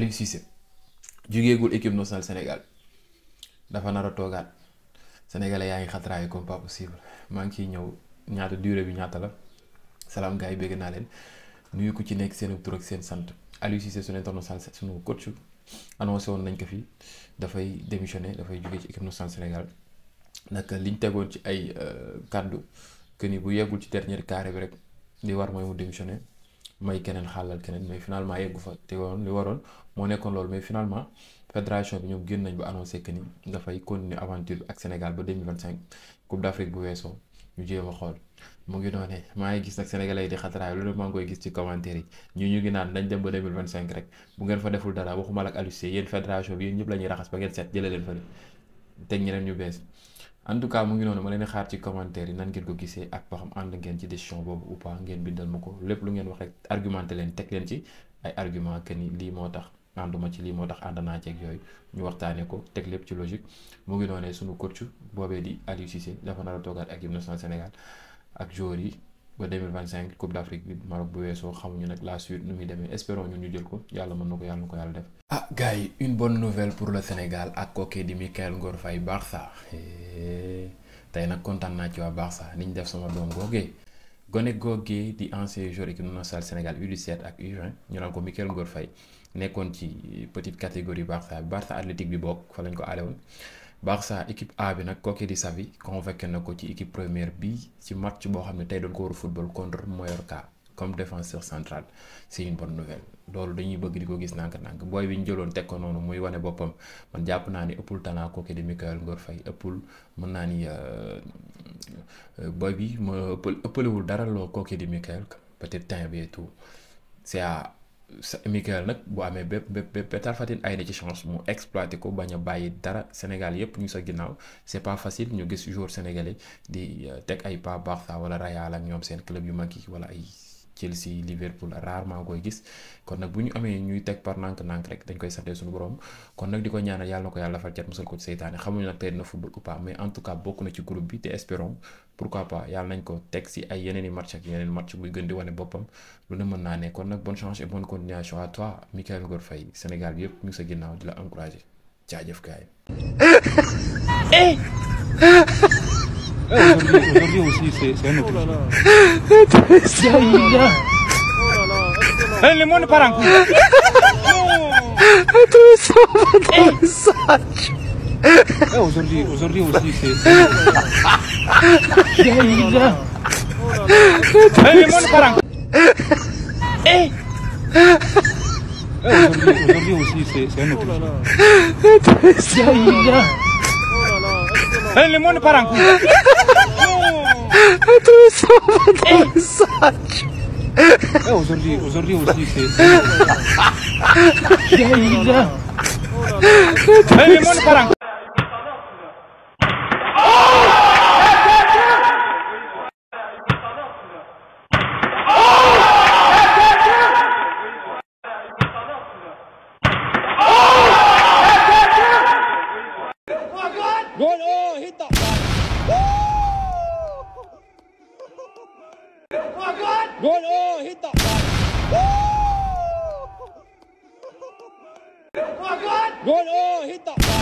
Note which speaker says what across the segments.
Speaker 1: Aliou Cissé jugeegul équipe nationale Sénégal dafa nar a toogaat sénégalais yaa ngi xatraay comme pas possible maa ngi ciy ñëw ñaata durée bi ñaata la salaam gars yi bégg naa leen nuyu ko ci nekk seen tur ak seen sant Aliou Cissé sunu international sunu coach annoncé woon nañ ko fii dafay démissionné dafay jóge ci équipe nationale Sénégal nag liñ tegoon ci ay euh, kàddu que ni bu yeggul ci dernier carré bi rek li war mooy mu démissionné. may keneen xàllal keneen mais finalement yeggu fa te woon li waroon moo nekkoon loolu mais finalement fédération bi ñoom génn nañ ba annoncé que ni dafay continuer aventure bi ak Sénégal ba 2025 Coupe d'Afrique weesoo ñu a xool mu ngi doone maa ngi gis nag sénégalais yi di xataraay loolu ngi koy gis ci commentaire yi ñu ñu ngi naan dañ dem ba 2025 rek bu ngeen fa deful dara waxuma la ak Aliou Cissé yéen fédération bi ñëpp la ñuy raxas ba ngeen seet jëlee leen fa teg ñeneen ñu bees en cas mu ngi noonu ma leen xaar ci commentaire yi nan ngeen ko gisee ak ba xam ànd ngeen ci décision boobu ou ngeen bindal ma ko lépp lu ngeen wax rek argumenté leen teg leen ci ay argument que ni lii moo tax ànduma ci lii moo tax ànd naa ceeg yooyu ñu waxtaanee ko teg lépp ci logique mu ngi noonee suñu coach boobee di Aliou Cissé dafa nar a toogaat ak équipe nationale Sénégal ak joueurs yi ba 2025 coupe d' Afrique bi Maroc bu weesoo xamuñu nag la suite nu muy demee espérons ñun ñu jël ko yàlla mën na ko yàlla ko yàlla def. ah gars yi une bonne nouvelle pour le Sénégal ak kooku di Mikayil Ngor Faye Barça eh, tey nag kontaan naa ci waa Barça ni ñu def sama doom googee gone googee di ancien joueur équipe nationale Sénégal U17 ak U20 ñu naan ko Mikayil Ngor Faye nekkoon ci petite catégorie Barça Barça athlétique bi bokk fa lañ ko aale Barça équipe A bi nag kooki di Xavi convoqué na ko ci équipe première bi ci match boo xam ne tey doon ko war a football contre Mallorca comme défenseur central c'est une bonne nouvelle loolu dañuy bëgg di ko gis nànk-nànk booy bi ñu jëloon teg ko noonu muy wane boppam man jàpp naa ni ëppul talent kooki di Mikayil Ngor Faye ëppul mën naa ni euh, euh, booy bi ma ëppalewul dara loo kooki di Mikayil peut-être temps bi et tout c'est à Michael nag bu amee bépp bépp bépp Fatine ay na ci chance mu exploité ko bañ a bàyyi dara Sénégal yépp ñu sa ginnaaw c'est pas facile ñu gis joueur sénégalais di euh, teg ay pas baax saa wala Rayaal ak ñoom seen club yu mag yi wala ay. Chelsea Liverpool rarement koy gis kon nag bu ñu amee ñuy teg par nank nànk rek dañ koy sante suñu borom kon nag di ko ñaanal yàlla na ko yàlla fa cat musal ko ci seytaane xamuñu nag tey dina football bokk na ci groupe ko teg si ay yeneeni i match ak yeneen match buy gën di wane boppam lu ne mën naa ne kon nag bon chance et bonne continuation à toi Mikayil Ngor Faye Sénégal bi yëpp ñu sa ginnaaw di la encouragé jaajëf kaay Aujourd'hui aussi, c'est un autre.
Speaker 2: Le monde part en couille. Non. Tous sont Aujourd'hui, aujourd'hui aussi, c'est. Yaïda. Le monde part
Speaker 3: en couille.
Speaker 1: Aujourd'hui aussi, c'est un autre.
Speaker 3: Yaïda.
Speaker 2: Le monde part en couille. atravessava do mensagem. É, aujourd'hui, aujourd'hui aussi, c'est... J'ai
Speaker 3: eu là. Mais mon parent...
Speaker 2: Gol! Goal! Oh, hit that ball. Oh, God. Goal! Oh, hit that ball.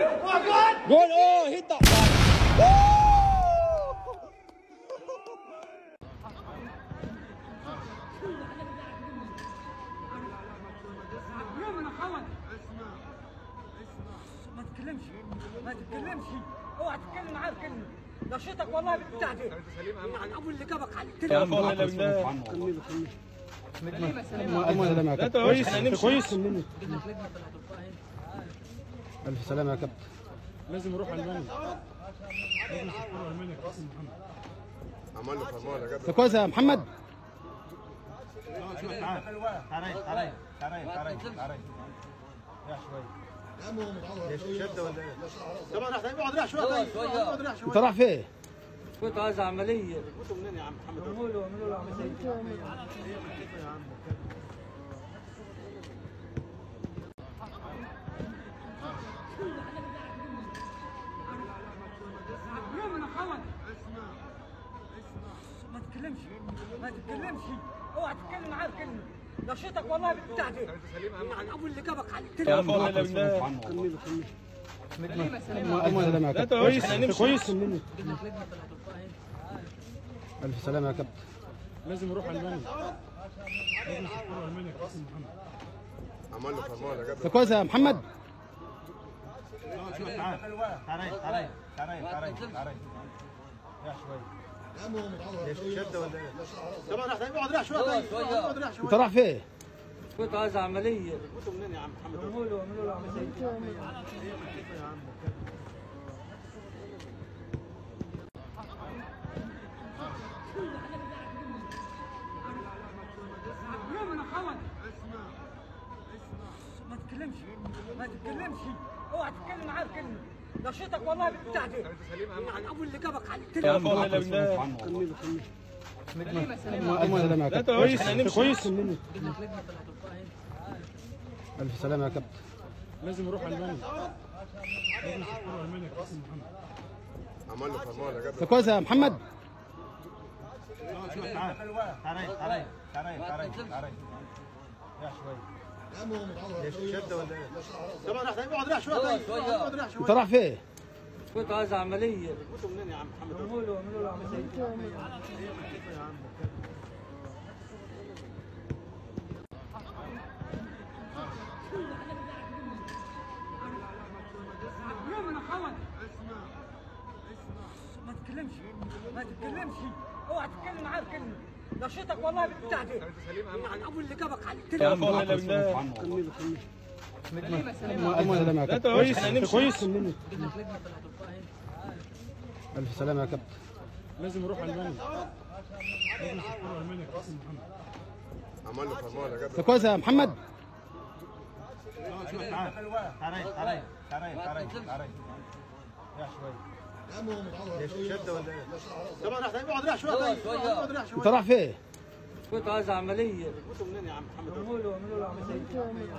Speaker 2: Oh, God. Goal! Oh, hit that ball. Oh. ما تتكلمش ما تتكلمش اوعى تتكلم معاه كلمه نشيطك والله بالبتاع دي من ابو اللي جابك على التليفون والله
Speaker 3: كملوا كملوا لا كويس كويس
Speaker 2: الف سلامه يا كابتن لازم نروح المانيا لازم نروح المانيا عمل له فرمان يا كابتن كويس يا محمد تعالى تعالى تعالى تعالى تعالى يا شويه طبعا راح اقعد راح شويه اقعد راح شويه انت راح فين؟ كنت عايز عمليه كنت منين يا عم محمد؟ اعملوا اعملوا له عمليه اسمع اسمع ما تتكلمش ما تتكلمش اوعى تتكلم معاه كلمه غشيتك والله بتاعتي عن ابو اللي جابك على التليفون يا فضل الله كملوا كملوا سلامة يا كابتن كويس كويس ألف سلامة يا كابتن لازم نروح ألمانيا لازم نشوف كورة ألمانيا كأس محمد كويس يا محمد
Speaker 3: تعال تعال تعال تعال تعال تعال يا شوية طب انا راح اقعد راح شويه اقعد
Speaker 2: راح شويه انت راح فين؟ كنت عايز عمليه كنت منين يا عم محمد؟ اعملوا له اعملوا له عمليه يا عم اسمع اسمع ما تتكلمش ما تتكلمش اوعى تتكلم معاه بكلمه نشيطك والله بتاعتي عن ابو اللي جابك على التليفون كمله كمله سلامة يا كابتن كويس كويس ألف سلامة يا كابتن لازم نروح ألمانيا لازم نروح ألمانيا عمل فرمان يا كابتن كويس يا محمد تعال تعال تعال تعال تعال يا شوية طب انا راح اقعد راح شويه طيب اقعد راح شويه انت راح فين؟ كنت عايز عمليه كنت منين يا عم محمد؟ اعملوا له اعملوا له عمليه يا عم اسمع اسمع ما تتكلمش ما تتكلمش اوعى تتكلم معاه بكلمه نشيطك والله بتاع دي يعني ابو اللي جابك على التليفون يا والله بالله كملوا كملوا سلامة يا كابتن كويس كويس ألف سلامة يا كابتن لازم نروح ألمانيا لازم نروح ألمانيا كابتن محمد
Speaker 1: عمل له فرمان
Speaker 2: يا كابتن كويس يا محمد
Speaker 3: تعالى تعالى
Speaker 2: تعالى تعالى تعالى يا شوية طبعا راح اقعد راح شويه اقعد راح شويه انت راح فين؟ كنت عايز عمليه كنت منين يا عم محمد؟ اعملوا اعملوا له عمليه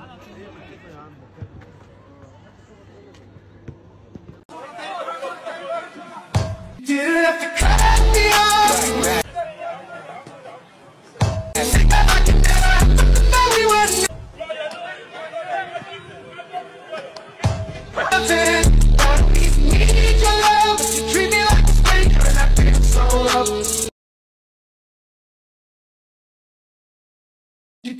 Speaker 3: Did it